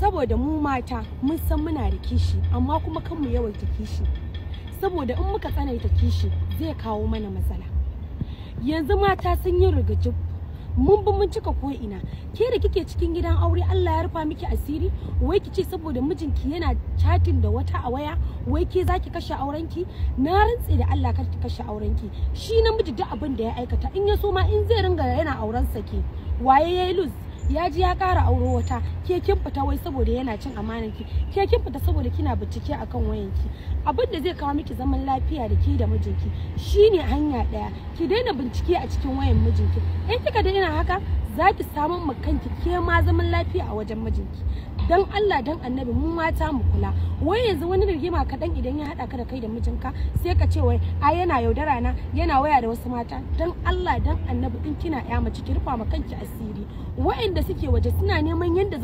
saboda mu mata mun san muna da kishi amma kuma kanmu mu yawaita kishi saboda in muka tsanaita kishi zai kawo mana matsala yanzu mata sun yi rigaji mun bi mun cika ko ina ke da kike cikin gidan aure Allah ya rufa miki asiri wai kice saboda mijinki yana chatting da wata a waya wai ke zaki kashe aurenki na rantse da Allah kar ki kashe aurenki shi namiji duk abin da ya aikata in ya so ma in zai ringa yana auren sa ke waye yayi lose ya ji ya ƙara auro wata ke kin fita wai saboda yana cin amanar ki ke kin fita saboda kina bincike akan wayan ki abin da zai kawo miki zaman lafiya da ki da mijinki shine hanya ɗaya ki daina bincike a cikin wayan mijinki in kika daina haka zaki ki samun ma kanki ke ma zaman lafiya a wajen mijinki dan Allah dan annabi mu mata mu kula wai yanzu wani rigima kaɗan idan ya haɗa ka da kai da mijinka sai ka ce wai a yana yaudara na yana waya da wasu mata dan Allah dan annabi in kina ya mace ki rufa ma kanki asiri wa'anda suke waje suna neman yanda